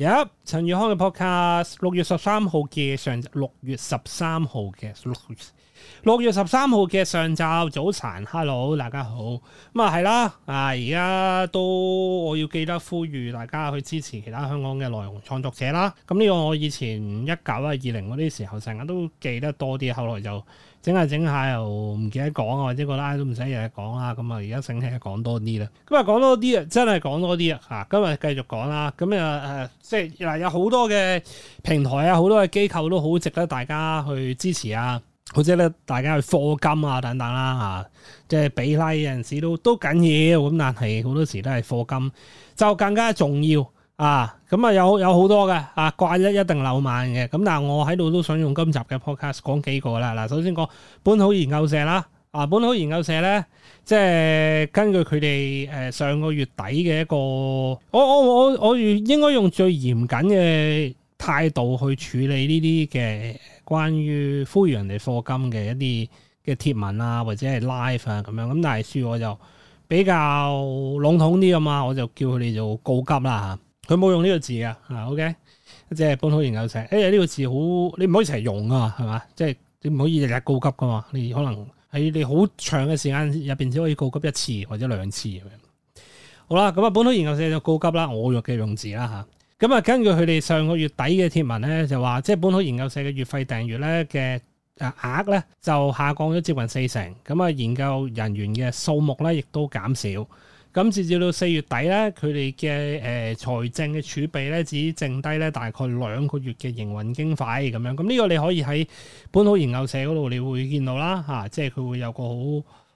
有陳宇康嘅 podcast，六月十三號嘅上，六月十三號嘅六月十三號嘅上晝早晨，hello 大家好，咁啊係啦，啊而家都我要記得呼籲大家去支持其他香港嘅內容創作者啦，咁呢個我以前一九啊二零嗰啲時候成日都記得多啲，後來就。整下整下又唔記得講啊，或者覺得都唔使日日講啦。咁啊，而家醒起講多啲啦。咁啊，講多啲啊，真係講多啲啊。嚇，今日繼續講啦。咁啊誒，即係嗱，有好多嘅平台啊，好多嘅機構都好值得大家去支持啊。好似咧，大家去課金啊等等啦、啊。嚇、啊，即係比例人士都都緊要。咁但係好多時都係課金就更加重要。啊，咁、嗯、啊有有好多嘅啊，掛一一定漏萬嘅。咁、嗯、但係我喺度都想用今集嘅 podcast 講幾個啦。嗱、啊，首先講本土研究社啦，啊，本土研究社咧，即係根據佢哋誒上個月底嘅一個，我我我我應應該用最嚴謹嘅態度去處理呢啲嘅關於呼籲人哋課金嘅一啲嘅貼文啊，或者係 live 啊咁樣。咁但係所以我就比較籠統啲啊嘛，我就叫佢哋做告急啦嚇。佢冇用呢個字啊，啊 OK，即係本土研究社。哎、欸、呀，呢、這個字好，你唔可以一齊用啊，係嘛？即係你唔可以日日告急噶嘛，你可能喺你好長嘅時間入邊只可以告急一次或者兩次咁樣。好啦，咁啊，本土研究社就告急啦，我用嘅用字啦嚇。咁啊，根據佢哋上個月底嘅貼文咧，就話即係本土研究社嘅月費訂閲咧嘅誒額咧就下降咗接近四成。咁啊，研究人員嘅數目咧亦都減少，咁直至到四月底咧，佢哋嘅誒財政嘅儲備咧，只剩低咧大概兩個月嘅營運經費。咁樣，咁呢個你可以喺本土研究社嗰度，你會見到啦，吓、啊，即係佢會有個好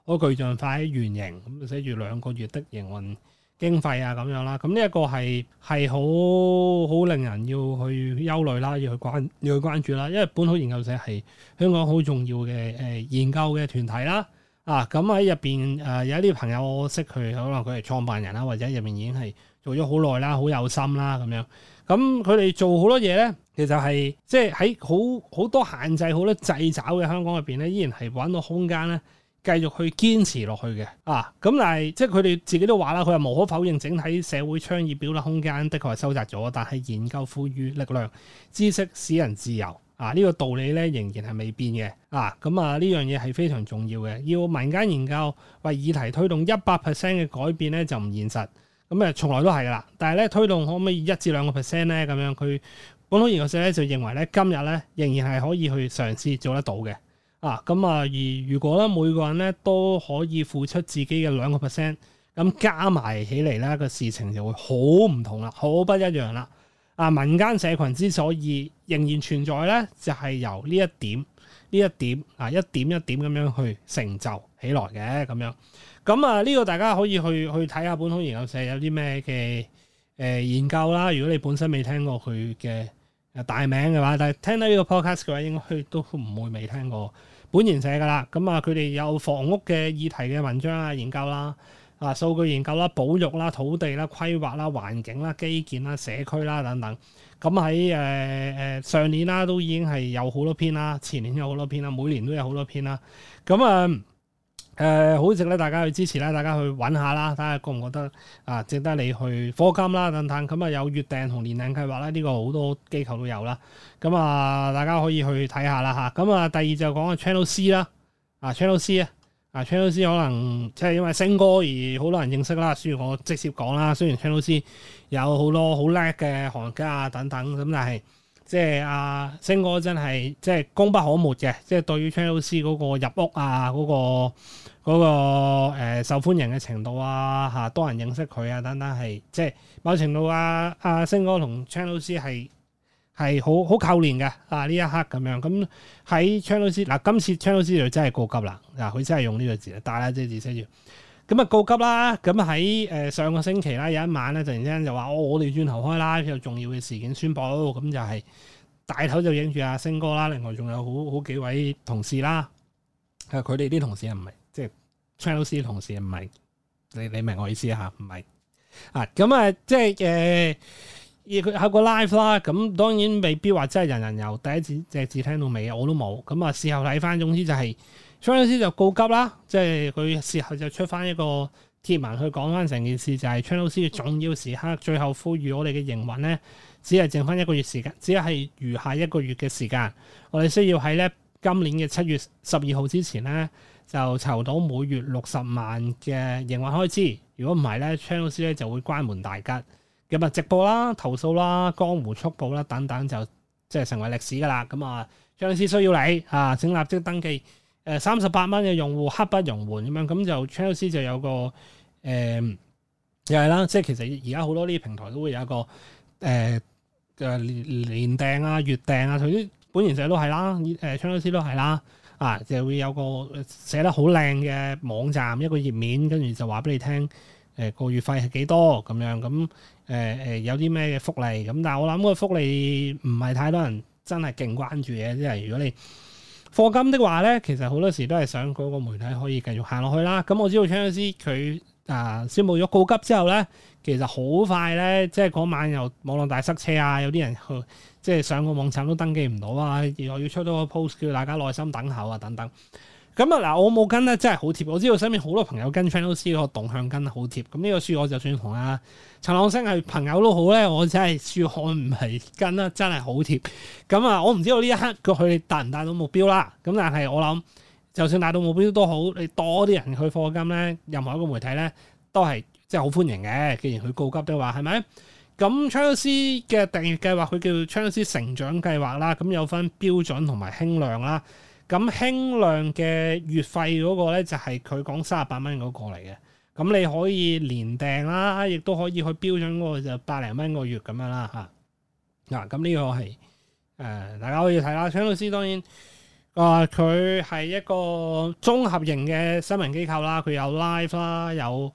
好具象化嘅圓形，咁寫住兩個月的營運經費啊咁樣啦。咁呢一個係係好好令人要去憂慮啦，要去關要去關注啦，因為本土研究社係香港好重要嘅誒、呃、研究嘅團體啦。啊，咁喺入邊誒，有一啲朋友我識佢，可能佢係創辦人啦，或者入邊已經係做咗好耐啦，好有心啦咁樣。咁佢哋做好多嘢咧，其實係、就是、即係喺好好多限制、好多掣肘嘅香港入邊咧，依然係揾到空間咧，繼續去堅持落去嘅。啊，咁但係即係佢哋自己都話啦，佢話無可否認，整體社會倡議表達空間的確係收窄咗，但係研究賦予力量知識，使人自由。嗱呢、啊，這個道理咧仍然係未變嘅。嗱咁啊，呢樣嘢係非常重要嘅，要民間研究為議題推動一百 percent 嘅改變咧就唔現實，咁誒從來都係噶啦，但係咧推動可唔可以一至兩個 percent 咧咁樣？佢本土研究社咧就認為咧今日咧仍然係可以去嘗試做得到嘅。啊咁啊而如果咧每個人咧都可以付出自己嘅兩個 percent，咁加埋起嚟咧個事情就會好唔同啦，好不一樣啦。啊，民間社群之所以仍然存在咧，就係由呢一點、呢一點啊，一點一點咁樣去成就起來嘅咁樣。咁啊，呢個大家可以去去睇下本土研究社有啲咩嘅誒研究啦。如果你本身未聽過佢嘅大名嘅話，但係聽到呢個 podcast 嘅話，應該都唔會未聽過本研社噶啦。咁啊，佢哋有房屋嘅議題嘅文章啊、研究啦。啊，數據研究啦、保育啦、土地啦、規劃啦、環境啦、基建啦、社區啦等等，咁喺誒誒上年啦都已經係有好多篇啦，前年有好多篇啦，每年都有好多篇啦，咁啊誒好、呃、值咧，大家去支持啦，大家去揾下啦，睇下覺唔覺得啊？值得你去課金啦、等等咁啊有月訂同年訂計劃啦，呢、這個好多機構都有啦，咁啊大家可以去睇下啦嚇。咁啊第二就講阿 Channel C 啦，啊、Channel、Channel C 啊。啊昌老師可能即係因為星哥而好多人認識啦，雖然我直接講啦，雖然昌老師有好多好叻嘅行家啊等等，咁但係即係、啊、阿星哥真係即係功不可沒嘅，即係對於昌老師嗰個入屋啊嗰、嗰個嗰、嗰個、呃、受歡迎嘅程度啊嚇、啊、多人認識佢啊等等係即係某程度啊阿、啊、星哥同昌老師係。係好好扣年嘅啊！呢一刻咁樣咁喺 Charles 老師嗱，今次 Charles 老師就真係告急啦嗱，佢真係用呢個字啦，大啦、啊、即係字寫住咁啊告急啦！咁喺誒上個星期啦，有一晚咧，突然之間就話、哦、我我哋轉頭開啦，有重要嘅事件宣布，咁就係大頭就影住阿星哥啦，另外仲有好好，好幾位同事啦，佢哋啲同事唔係即係 Charles 老師嘅同事唔係，你你明我意思啊吓？唔係啊咁啊，啊啊啊呃、即係誒。呃呃而佢有個 live 啦，咁當然未必話真係人人由第一次隻字聽到尾啊，我都冇。咁啊，事後睇翻，總之就係 c 老師就告急啦，即係佢事後就出翻一個貼文去講翻成件事，就是， 就係 c 老師嘅重要時刻，最後呼籲我哋嘅營運咧，只係剩翻一個月時間，只係餘下一個月嘅時間，我哋需要喺咧今年嘅七月十二號之前咧，就籌到每月六十萬嘅營運開支。如果唔係咧 c 老師咧就會關門大吉。咁咪直播啦、投訴啦、江湖速報啦等等就即係成為歷史㗎啦。咁啊 Channel C 需要你啊，請立即登記。誒、呃，三十八蚊嘅用戶刻不容緩咁樣，咁就 Channel C 就有個誒，又係啦，即係其實而家好多呢啲平台都會有一個誒嘅年訂啊、月訂啊，佢啲本元社都係啦，誒、呃、Channel C 都係啦，啊，就會有個寫得好靚嘅網站一個頁面，跟住就話俾你聽。誒個、呃、月費係幾多咁樣，咁誒誒有啲咩嘅福利咁？但係我諗個福利唔係太多人真係勁關注嘅，即係如果你課金的話咧，其實好多時都係想嗰個媒體可以繼續行落去啦。咁、嗯、我知道 Charles 佢啊，宣佈咗告急之後咧，其實好快咧，即係嗰晚又網絡大塞車啊，有啲人去，即係上個網站都登記唔到啊，而我要出多個 post 叫大家耐心等候啊，等等。咁啊嗱，我冇跟咧，真係好貼。我知道身邊好多朋友跟 Channel C 嗰個動向跟好貼。咁、嗯、呢、呢個書我就算同阿陳朗昇係朋友都好咧，我真係書看唔係跟啦，真係好貼。咁、嗯、啊，我唔知道呢一刻佢達唔達到目標啦。咁但係我諗，就算達到目標都好，你多啲人去課金咧，任何一個媒體咧都係即係好歡迎嘅。既然佢告急都話，係咪？咁、嗯、Channel C 嘅訂閱計劃佢叫 Channel C 成長計劃啦。咁有分標準同埋輕量啦。咁輕量嘅月費嗰個咧，就係、是、佢講三十八蚊嗰個嚟嘅。咁你可以連訂啦，亦都可以去標準嗰個就百零蚊個月咁樣啦嚇。嗱、啊，咁呢個係誒、呃，大家可以睇啦。請老師當然啊，佢、呃、係一個綜合型嘅新聞機構啦，佢有 live 啦，有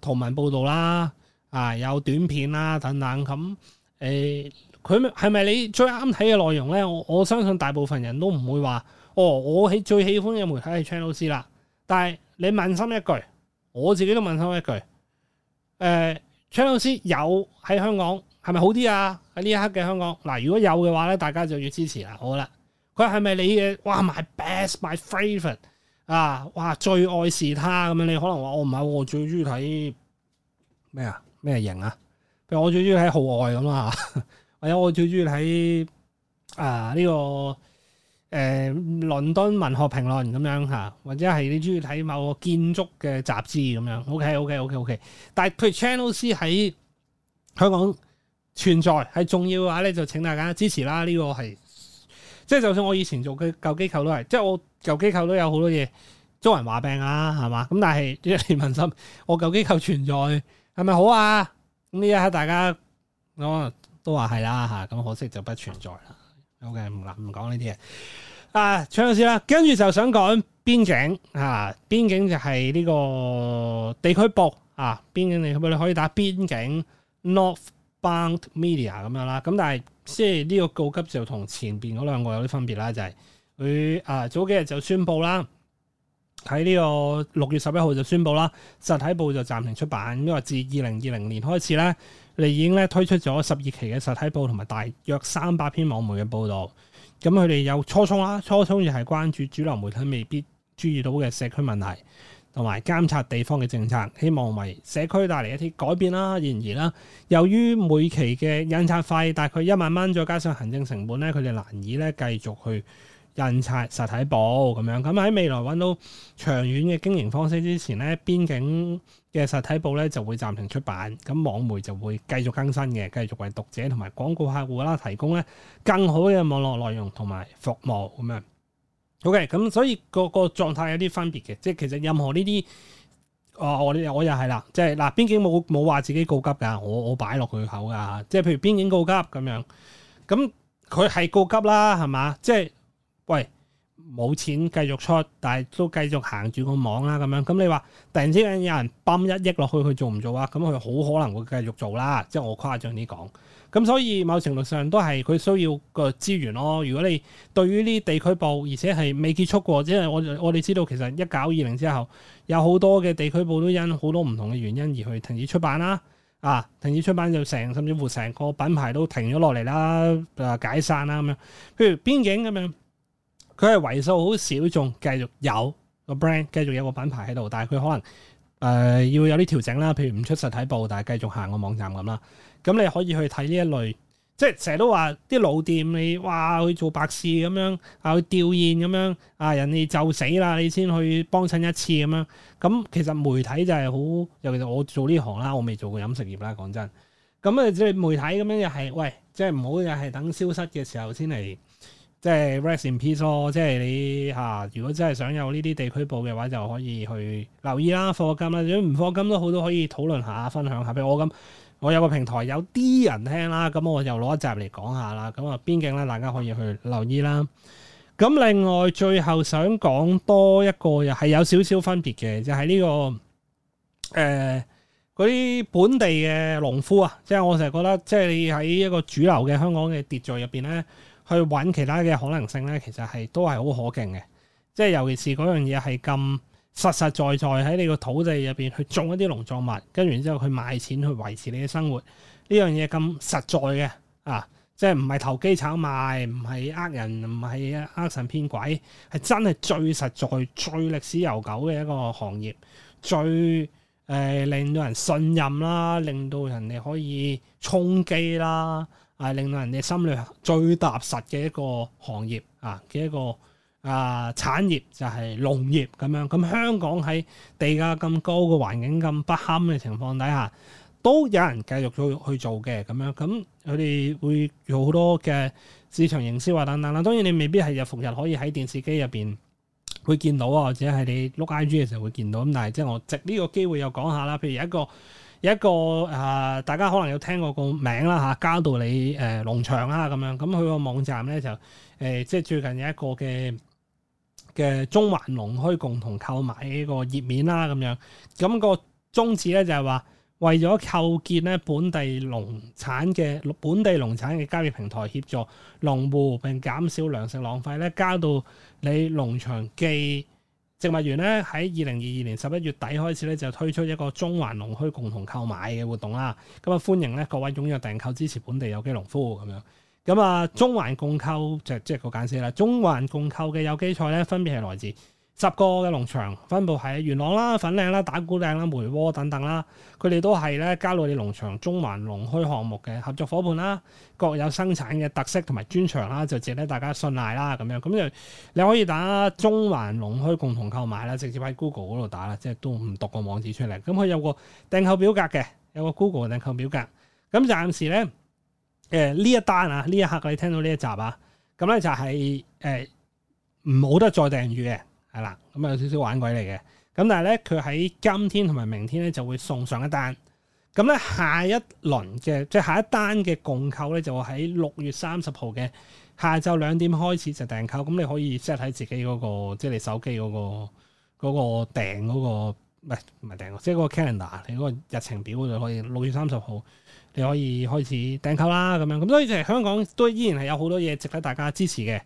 圖文報道啦，啊，有短片啦等等。咁、嗯、誒，佢係咪你最啱睇嘅內容咧？我我相信大部分人都唔會話。哦，我係最喜歡嘅媒體係 Channel 老師啦，但係你問心一句，我自己都問心一句，誒、呃、Channel 老師有喺香港係咪好啲啊？喺呢一刻嘅香港嗱，如果有嘅話咧，大家就要支持啦，好啦。佢係咪你嘅？哇，my best，my favourite 啊！哇，最愛是他咁樣。你可能話我唔係，我最中意睇咩啊？咩型啊？譬如我最中意睇號外咁啊！或者我最中意睇啊呢、這個。誒、呃，倫敦文學評論咁樣嚇，或者係你中意睇某個建築嘅雜誌咁樣。OK，OK，OK，OK、OK, OK, OK, OK。但係譬如 Channel C 喺香港存在係重要嘅話咧，你就請大家支持啦。呢、這個係即係就算我以前做嘅舊機構都係，即、就、係、是、我舊機構都有好多嘢，遭人話病啊，係嘛？咁但係啲市民心，我舊機構存在係咪好啊？咁呢一刻大家我、哦、都話係啦嚇，咁、啊、可惜就不存在啦。OK，唔啦，唔講呢啲嘢。啊，唱首詩啦，跟住就想講邊境啊，邊境就係呢個地區報啊，邊境地區報你可以打邊境 Northbound Media 咁樣啦。咁、啊、但係即係呢個告急就同前邊嗰兩個有啲分別啦，就係佢啊早幾日就宣布啦。喺呢個六月十一號就宣布啦，實體報就暫停出版，因為自二零二零年開始咧，佢哋已經咧推出咗十二期嘅實體報同埋大約三百篇網媒嘅報道。咁佢哋有初衷啦，初衷亦係關注主流媒體未必注意到嘅社區問題，同埋監察地方嘅政策，希望為社區帶嚟一啲改變啦。然而啦，由於每期嘅印刷費大概一萬蚊，再加上行政成本咧，佢哋難以咧繼續去。印刷實體報咁樣，咁、嗯、喺未來揾到長遠嘅經營方式之前咧，邊境嘅實體報咧就會暫停出版，咁、嗯、網媒就會繼續更新嘅，繼續為讀者同埋廣告客戶啦提供咧更好嘅網絡內容同埋服務咁樣。OK 咁所以個個狀態有啲分別嘅，即係其實任何呢啲，啊我我我又係啦，即係嗱邊境冇冇話自己告急㗎，我我擺落佢口㗎，即係譬如邊境告急咁樣，咁佢係告急啦，係嘛？即係。喂，冇錢繼續出，但係都繼續行住個網啦，咁樣，咁你話突然之間有人泵一億落去，佢做唔做啊？咁佢好可能會繼續做啦，即係我誇張啲講。咁所以某程度上都係佢需要個資源咯。如果你對於呢地區報，而且係未結束過，即係我我哋知道其實一九二零之後有好多嘅地區報都因好多唔同嘅原因而去停止出版啦，啊停止出版就成甚至乎成個品牌都停咗落嚟啦，誒解散啦咁樣，譬如邊境咁樣。佢係為數好少，仲繼續有個 brand，繼續有個品牌喺度，但係佢可能誒、呃、要有啲調整啦，譬如唔出實體報，但係繼續行個網站咁啦。咁你可以去睇呢一類，即係成日都話啲老店你哇去做白事咁樣啊，去吊唁咁樣啊，人哋就死啦，你先去幫襯一次咁樣。咁、嗯、其實媒體就係好，尤其是我做呢行啦，我未做過飲食業啦，講真。咁、嗯、啊，即係媒體咁樣又係，喂，即係唔好又係等消失嘅時候先嚟。即係 rest in peace 咯，即係你嚇。如果真係想有呢啲地區報嘅話，就可以去留意啦，課金啦。如果唔課金都好，都可以討論下、分享下。譬如我咁，我有個平台，有啲人聽啦，咁我就攞一集嚟講下啦。咁啊，邊境咧，大家可以去留意啦。咁另外，最後想講多一個又係有少少分別嘅，就係呢個誒嗰啲本地嘅農夫啊，即係我成日覺得，即係你喺一個主流嘅香港嘅秩序入邊咧。去揾其他嘅可能性咧，其實係都係好可敬嘅，即係尤其是嗰樣嘢係咁實實在在喺你個土地入邊去種一啲農作物，跟住然之後去賣錢去維持你嘅生活，呢樣嘢咁實在嘅啊，即係唔係投機炒賣，唔係呃人，唔係呃神騙鬼，係真係最實在、最歷史悠久嘅一個行業，最誒、呃、令到人信任啦，令到人哋可以充飢啦。係、啊、令到人哋心裏最踏實嘅一個行業啊嘅一個啊產業就係、是、農業咁樣。咁、嗯、香港喺地價咁高嘅環境咁不堪嘅情況底下，都有人繼續去去做嘅咁樣。咁佢哋會有好多嘅市場營銷啊等等啦。當然你未必係日復日可以喺電視機入邊會見到啊，或者係你 look IG 嘅時候會見到。咁但係即係我藉呢個機會又講下啦。譬如一個。一個啊，大家可能有聽過個名啦嚇、啊，交到你誒、呃、農場啦。咁樣，咁佢個網站咧就誒、呃，即係最近有一個嘅嘅中環農墟共同購買呢個頁面啦咁樣，咁、咁個宗旨咧就係話為咗構建咧本地農產嘅本地農產嘅交易平台，協助農戶並減少糧食浪費咧，交到你農場寄。植物園咧喺二零二二年十一月底開始咧就推出一個中環農墟共同購買嘅活動啦，咁啊歡迎咧各位踴躍訂購支持本地有機農夫咁樣，咁啊中環共購就即、是、係、就是、個簡稱啦，中環共購嘅有機菜咧分別係來自，十個嘅農場分布喺元朗啦、粉嶺啦、打鼓嶺啦、梅窩等等啦，佢哋都係咧加到你農場中環農墟項目嘅合作夥伴啦，各有生產嘅特色同埋專長啦，就值得大家信賴啦，咁樣咁就你可以打中環農墟共同購買啦，直接喺 Google 嗰度打啦，即係都唔讀個網址出嚟，咁佢有個訂購表格嘅，有個 Google 訂購表格，咁暫時咧，誒、呃、呢一單啊，呢一刻你聽到呢一集啊，咁咧就係誒唔好得再訂閱嘅。係啦，咁啊、嗯、有少少玩鬼嚟嘅，咁但係咧佢喺今天同埋明天咧就會送上一單，咁咧下一輪嘅即係下一單嘅共購咧就會喺六月三十號嘅下晝兩點開始就訂購，咁、嗯、你可以 set 喺自己嗰、那個即係、就是、你手機嗰、那個嗰、那個訂嗰、那個，唔係唔係訂，即係嗰個 calendar，你嗰個日程表嗰度可以六月三十號。你可以開始訂購啦，咁樣咁，所以就係香港都依然係有好多嘢值得大家支持嘅。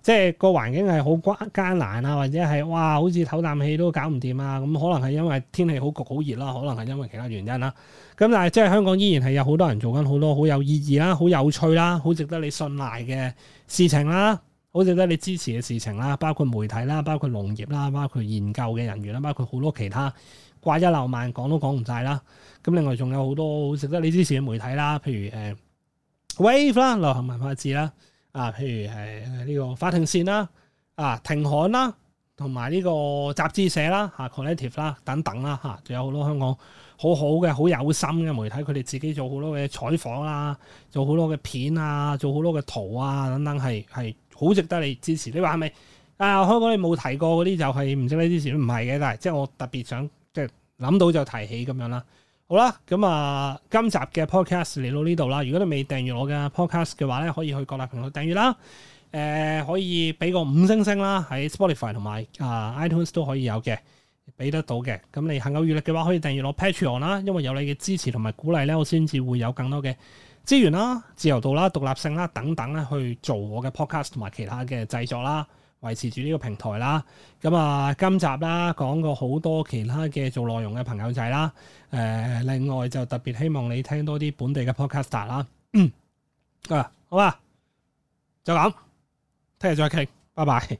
即係個環境係好艱難啊，或者係哇，好似唞啖氣都搞唔掂啊。咁可能係因為天氣好焗好熱啦，可能係因為其他原因啦。咁但係即係香港依然係有好多人做緊好多好有意義啦、好有趣啦、好值得你信賴嘅事情啦，好值得你支持嘅事情啦，包括媒體啦、包括農業啦、包括研究嘅人員啦、包括好多其他。掛一漏萬講都講唔晒啦！咁另外仲有好多好值得你支持嘅媒體啦，譬如誒、uh, Wave 啦、流行文化誌啦，啊，譬如誒呢、uh, 個法庭線啦、啊停刊啦，同埋呢個雜誌社啦、嚇、啊、Collective 啦等等啦嚇，仲、啊、有好多香港好好嘅、好有心嘅媒體，佢哋自己做好多嘅採訪啦，做好多嘅片啊，做好多嘅圖啊等等，係係好值得你支持。你話係咪？啊，香港你冇提過嗰啲就係唔值得支持，唔係嘅，但係即係我特別想，諗到就提起咁樣啦，好啦，咁啊，今集嘅 podcast 嚟到呢度啦。如果你未訂閱我嘅 podcast 嘅話咧，可以去各大頻道訂閱啦。誒、呃，可以俾個五星星啦，喺 Spotify 同埋啊、呃、iTunes 都可以有嘅，俾得到嘅。咁你行有餘力嘅話，可以訂閱我 Patreon 啦，因為有你嘅支持同埋鼓勵咧，我先至會有更多嘅資源啦、自由度啦、獨立性啦等等咧，去做我嘅 podcast 同埋其他嘅製作啦。維持住呢個平台啦，咁啊今集啦講過好多其他嘅做內容嘅朋友仔啦，誒、呃、另外就特別希望你聽多啲本地嘅 Podcast 啦，啊、嗯、好啊，就咁，聽日再傾，拜拜。